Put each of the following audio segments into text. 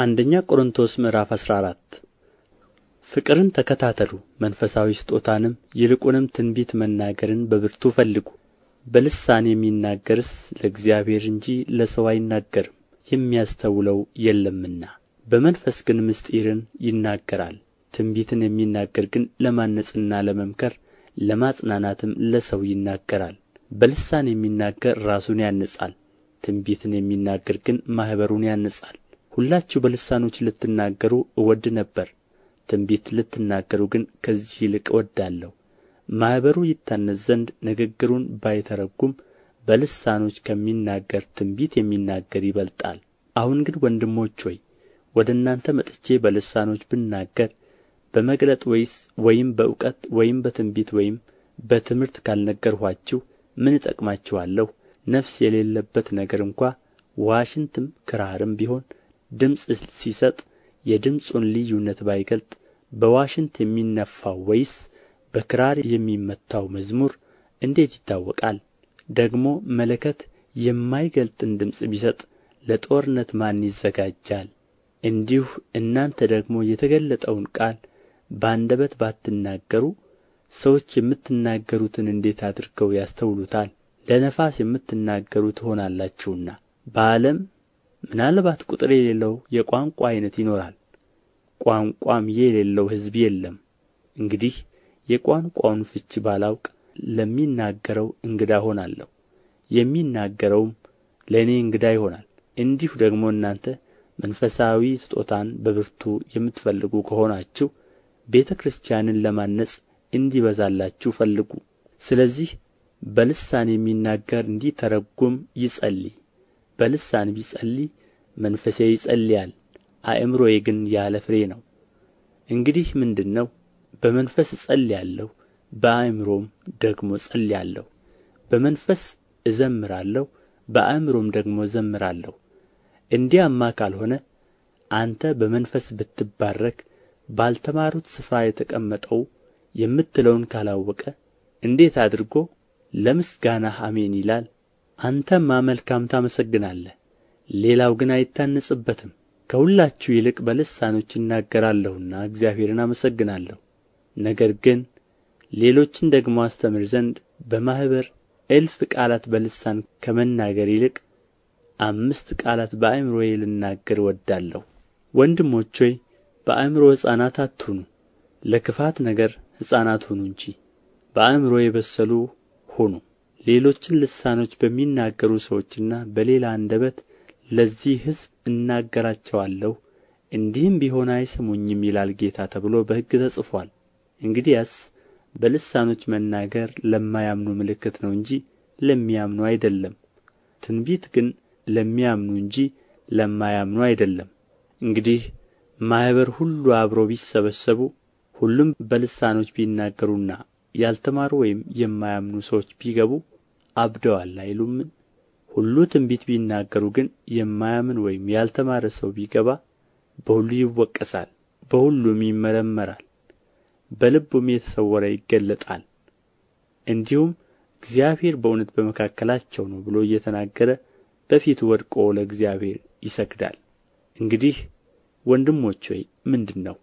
አንደኛ ቆሮንቶስ ምዕራፍ 14 ፍቅርን ተከታተሉ መንፈሳዊ ስጦታንም ይልቁንም ትንቢት መናገርን በብርቱ ፈልጉ በልሳን የሚናገርስ ለእግዚአብሔር እንጂ ለሰው አይናገርም የሚያስተውለው የለምና በመንፈስ ግን ምስጢርን ይናገራል ትንቢትን የሚናገር ግን ለማነጽና ለመምከር ለማጽናናትም ለሰው ይናገራል በልሳን የሚናገር ራሱን ያንጻል ትንቢትን የሚናገር ግን ማኅበሩን ያንጻል ሁላችሁ በልሳኖች ልትናገሩ እወድ ነበር ትንቢት ልትናገሩ ግን ከዚህ ይልቅ እወዳለሁ ማኅበሩ ይታነጽ ዘንድ ንግግሩን ባይተረጉም በልሳኖች ከሚናገር ትንቢት የሚናገር ይበልጣል አሁን ግን ወንድሞች ሆይ ወደ እናንተ መጥቼ በልሳኖች ብናገር በመግለጥ ወይስ ወይም በእውቀት ወይም በትንቢት ወይም በትምህርት ካልነገርኋችሁ ምን እጠቅማችኋለሁ? ነፍስ የሌለበት ነገር እንኳ ዋሽንትም ክራርም ቢሆን ድምፅ ሲሰጥ የድምፁን ልዩነት ባይገልጥ በዋሽንት የሚነፋው ወይስ በክራር የሚመታው መዝሙር እንዴት ይታወቃል ደግሞ መለከት የማይገልጥን ድምፅ ቢሰጥ ለጦርነት ማን ይዘጋጃል እንዲሁ እናንተ ደግሞ የተገለጠውን ቃል በአንደበት ባትናገሩ ሰዎች የምትናገሩትን እንዴት አድርገው ያስተውሉታል ለነፋስ የምትናገሩ ትሆናላችሁና በዓለም ምናልባት ቁጥር የሌለው የቋንቋ ዓይነት ይኖራል ቋንቋም የሌለው ሕዝብ የለም እንግዲህ የቋንቋውን ፍች ባላውቅ ለሚናገረው እንግዳ ሆናለሁ፣ የሚናገረውም ለእኔ እንግዳ ይሆናል እንዲሁ ደግሞ እናንተ መንፈሳዊ ስጦታን በብርቱ የምትፈልጉ ከሆናችሁ ቤተ ክርስቲያንን ለማነጽ እንዲበዛላችሁ ፈልጉ ስለዚህ በልሳን የሚናገር እንዲተረጉም ይጸልይ በልሳን ቢጸልይ መንፈሴ ይጸልያል አእምሮዬ ግን ያለ ፍሬ ነው እንግዲህ ምንድን ነው በመንፈስ እጸልያለሁ በአእምሮም ደግሞ እጸልያለሁ በመንፈስ እዘምራለሁ በአእምሮም ደግሞ እዘምራለሁ እንዲያማ ካልሆነ አንተ በመንፈስ ብትባረክ ባልተማሩት ስፍራ የተቀመጠው የምትለውን ካላወቀ እንዴት አድርጎ ለምስጋናህ አሜን ይላል አንተማ መልካም ታመሰግናለህ ሌላው ግን አይታነጽበትም ከሁላችሁ ይልቅ በልሳኖች እናገራለሁና እግዚአብሔርን አመሰግናለሁ ነገር ግን ሌሎችን ደግሞ አስተምር ዘንድ በማኅበር እልፍ ቃላት በልሳን ከመናገር ይልቅ አምስት ቃላት በአእምሮዬ ልናገር እወዳለሁ ወንድሞች ሆይ በአእምሮ ሕፃናት አትሁኑ ለክፋት ነገር ሕፃናት ሁኑ እንጂ በአእምሮ የበሰሉ ሁኑ ሌሎችን ልሳኖች በሚናገሩ ሰዎችና በሌላ አንደበት ለዚህ ሕዝብ እናገራቸዋለሁ እንዲህም ቢሆን አይሰሙኝም ይላል ጌታ ተብሎ በሕግ ተጽፏል። እንግዲያስ በልሳኖች መናገር ለማያምኑ ምልክት ነው እንጂ ለሚያምኑ አይደለም ትንቢት ግን ለሚያምኑ እንጂ ለማያምኑ አይደለም እንግዲህ ማኅበር ሁሉ አብረው ቢሰበሰቡ ሁሉም በልሳኖች ቢናገሩና ያልተማሩ ወይም የማያምኑ ሰዎች ቢገቡ አብደዋል አይሉምን ሁሉ ትንቢት ቢናገሩ ግን የማያምን ወይም ያልተማረ ሰው ቢገባ በሁሉ ይወቀሳል በሁሉም ይመረመራል በልቡም የተሰወረ ይገለጣል እንዲሁም እግዚአብሔር በእውነት በመካከላቸው ነው ብሎ እየተናገረ በፊቱ ወድቆ ለእግዚአብሔር ይሰግዳል እንግዲህ ወንድሞች ሆይ ምንድን ነው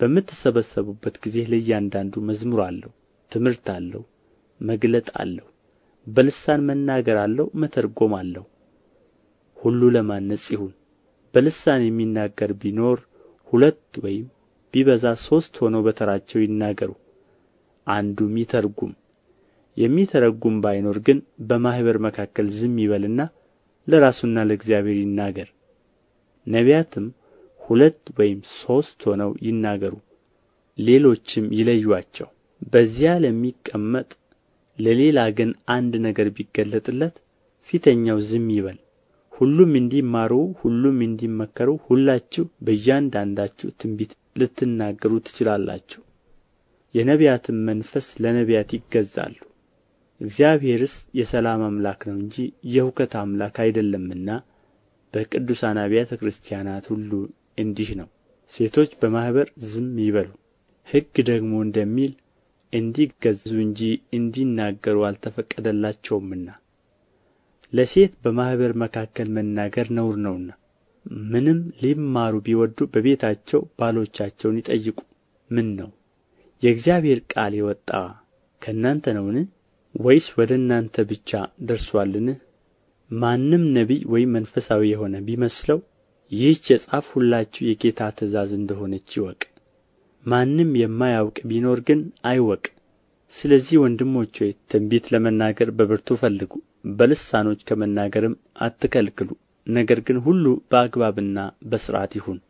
በምትሰበሰቡበት ጊዜ ለእያንዳንዱ መዝሙር አለው ትምህርት አለው መግለጥ አለው በልሳን መናገር አለው መተርጎም አለው ሁሉ ለማነጽ ይሁን በልሳን የሚናገር ቢኖር ሁለት ወይም ቢበዛ ሦስት ሆነው በተራቸው ይናገሩ አንዱም ይተርጉም የሚተረጉም ባይኖር ግን በማኅበር መካከል ዝም ይበልና ለራሱና ለእግዚአብሔር ይናገር ነቢያትም ሁለት ወይም ሦስት ሆነው ይናገሩ ሌሎችም ይለዩአቸው በዚያ ለሚቀመጥ ለሌላ ግን አንድ ነገር ቢገለጥለት ፊተኛው ዝም ይበል ሁሉም እንዲማሩ ሁሉም እንዲመከሩ ሁላችሁ በእያንዳንዳችሁ ትንቢት ልትናገሩ ትችላላችሁ የነቢያትም መንፈስ ለነቢያት ይገዛሉ እግዚአብሔርስ የሰላም አምላክ ነው እንጂ የሁከት አምላክ አይደለምና በቅዱሳን አብያተ ክርስቲያናት ሁሉ እንዲህ ነው ሴቶች በማኅበር ዝም ይበሉ ሕግ ደግሞ እንደሚል እንዲገዙ እንጂ እንዲናገሩ አልተፈቀደላቸውምና ለሴት በማኅበር መካከል መናገር ነውር ነውና ምንም ሊማሩ ቢወዱ በቤታቸው ባሎቻቸውን ይጠይቁ ምን ነው የእግዚአብሔር ቃል የወጣ ከእናንተ ነውን ወይስ ወደ እናንተ ብቻ ደርሷልን ማንም ነቢይ ወይም መንፈሳዊ የሆነ ቢመስለው ይህች የጻፍሁላችሁ የጌታ ትእዛዝ እንደሆነች ይወቅ ማንም የማያውቅ ቢኖር ግን አይወቅ ስለዚህ ወንድሞች ሆይ ትንቢት ለመናገር በብርቱ ፈልጉ በልሳኖች ከመናገርም አትከልክሉ ነገር ግን ሁሉ በአገባብና በሥርዓት ይሁን